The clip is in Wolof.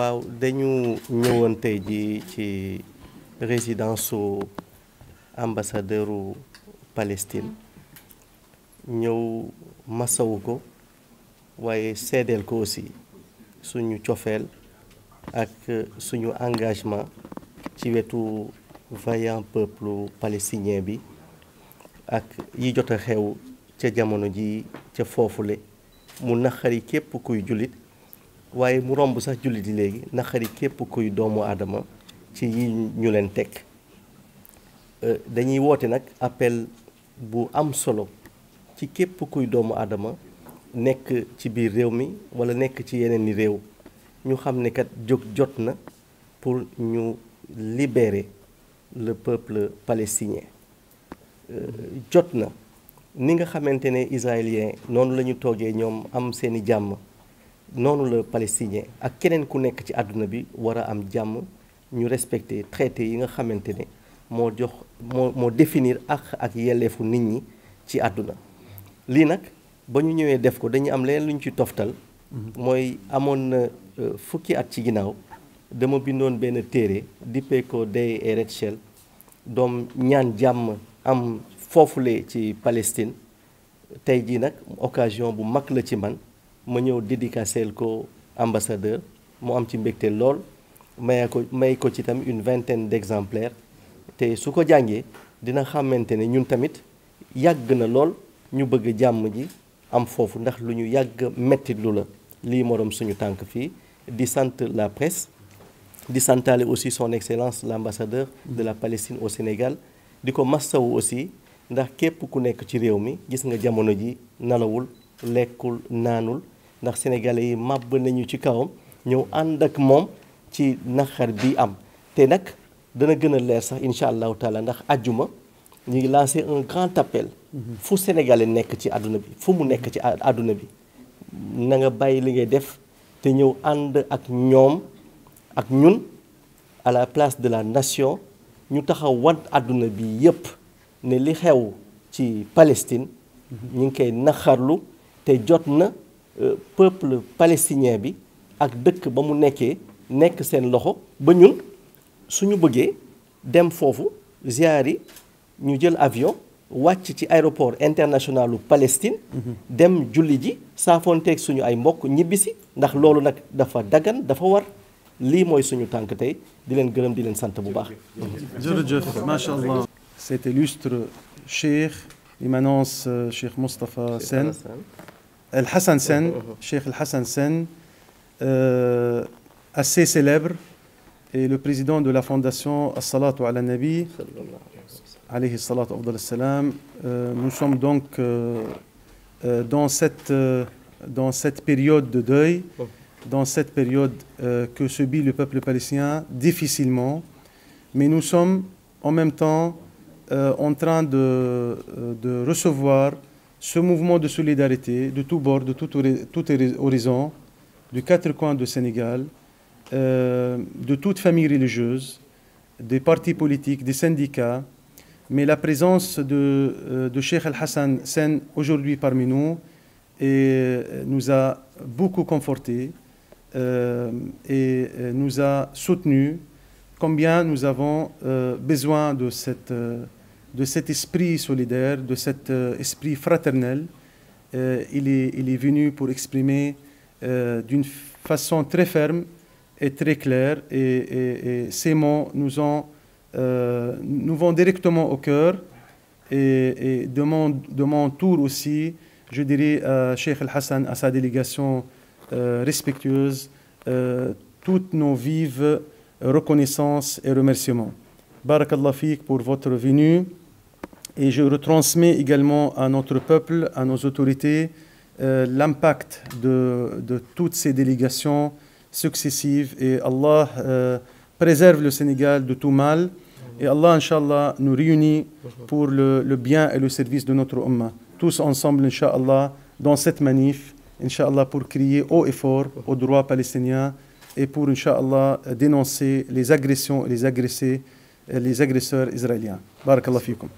waaw dañu ñëwoon tey jii ci résidence su ambassadeuru Palestine ñëw masawu ko waaye seddeel ko aussi suñu cofeel ak suñu engagement ci wetu vaillant peuple palestinien bi ak yi jot a xew ca jamono ji ca foofule mu naqari képp kuy jullit waaye mu romb sax julli di léegi naqari képp kuy doomu aadama ci yi ñu leen teg euh, dañuy woote nag appel bu am solo ci képp kuy doomu aadama nekk ci biir réew mi walla nekk ci yeneen ni réew ñu xam ne kat jóg jot na pour ñu libérer le peuple palestinien euh, jot na ni nga xamante ne israélien noonu la ñu toogee ñoom am seeni jàmm non le palestinien ak keneen ku nekk ci àdduna bi war am respecter traité yi nga ne jox définir ak ak yelleefu nit ñi ci àdduna lii nag ba ñu def ko dañu am leneen luñ ci toftal mhm. mooy amoon na euh, fukki at ci ginnaaw Day ñaan am ci Palestine tey ji occasion bu mag la ma ñëw dédicaceel ko ambassadeur mu am ci lool une vingtaine d'exemplaires dina ñun tamit na lool ñu bëgg ji am ndax metti la suñu la presse di aussi son excellence l'ambassadeur de la Palestine au Sénégal di ko aussi ndax képp ku nekk ci réew mi gis nga ji nalawul ndax sénégalais yi màbb nañu ci kawam ñëw ànd ak moom ci naqar bi am te nag dana gën a leer sax incha allahu taala ndax àjjuma ñu ngi lancé un grand appel fu sénégalais nekk ci àdduna bi fu mu nekk ci àdduna bi nanga bàyyi li ngay def te ñëw ànd ak ñoom ak ñun à la place de la nation ñu taxaw wan àdduna bi yépp ne li xew ci Palestine mhm. ñu ngi koy naqarlu te jot na Euh, peuple palestinien bi ak dëkk ba mu nekkee nekk seen loxo ba ñun suñu bëggee dem foofu ziyaari ñu jël avion wàcc ci aéroport internationalu Palestine mhm. dem julli ji saafoonteeg suñu ay mbokk ñibbisi ndax loolu nag dafa dagan dafa war lii mooy suñu tànk tey di leen gërëm di leen sant bu baax jërëjëf macha allah cet illustre cheikh l'immanence euh, cheikh mustapha sen Al-Hassan Sen, Cheikh Al-Hassan Sen, assez célèbre, et le président de la fondation As-Salatu ala Nabi, alayhi salatu salam. Euh, nous sommes donc euh, euh, dans, cette, dans cette période de deuil, oh. dans cette période que subit le peuple palestinien difficilement, mais nous sommes en même temps en train de, de recevoir ce mouvement de solidarité de tous bords, de tous horizons, de quatre coins du Sénégal, euh, de toutes familles religieuses, des partis politiques, des syndicats, mais la présence de, euh, de Cheikh Al-Hassan Sen aujourd'hui parmi nous et nous a beaucoup confortés euh, et nous a soutenus combien nous avons besoin de cette de cet esprit solidaire, de cet euh, esprit fraternel. Euh, il, est, venu pour exprimer euh, d'une façon très ferme et très claire. et, ces mots nous, ont, vont directement au cœur. Et, de, mon, tour aussi, je dirais à Sheikh Al-Hassan, à sa délégation respectueuse, toutes nos vives reconnaissances et remerciements. Barakallah Fik pour votre venue. Et je retransmets également à notre peuple, à nos autorités, euh, l'impact de, toutes ces délégations successives. Et Allah euh, préserve le Sénégal de tout mal. Et Allah, inshallah nous réunit pour le, le, bien et le service de notre Ummah. Tous ensemble, Inch'Allah, dans cette manif, inshallah pour crier haut et fort aux droits palestiniens et pour, Inch'Allah, dénoncer les agressions et les agressés. لزاجريسور إسرائيليان بارك الله فيكم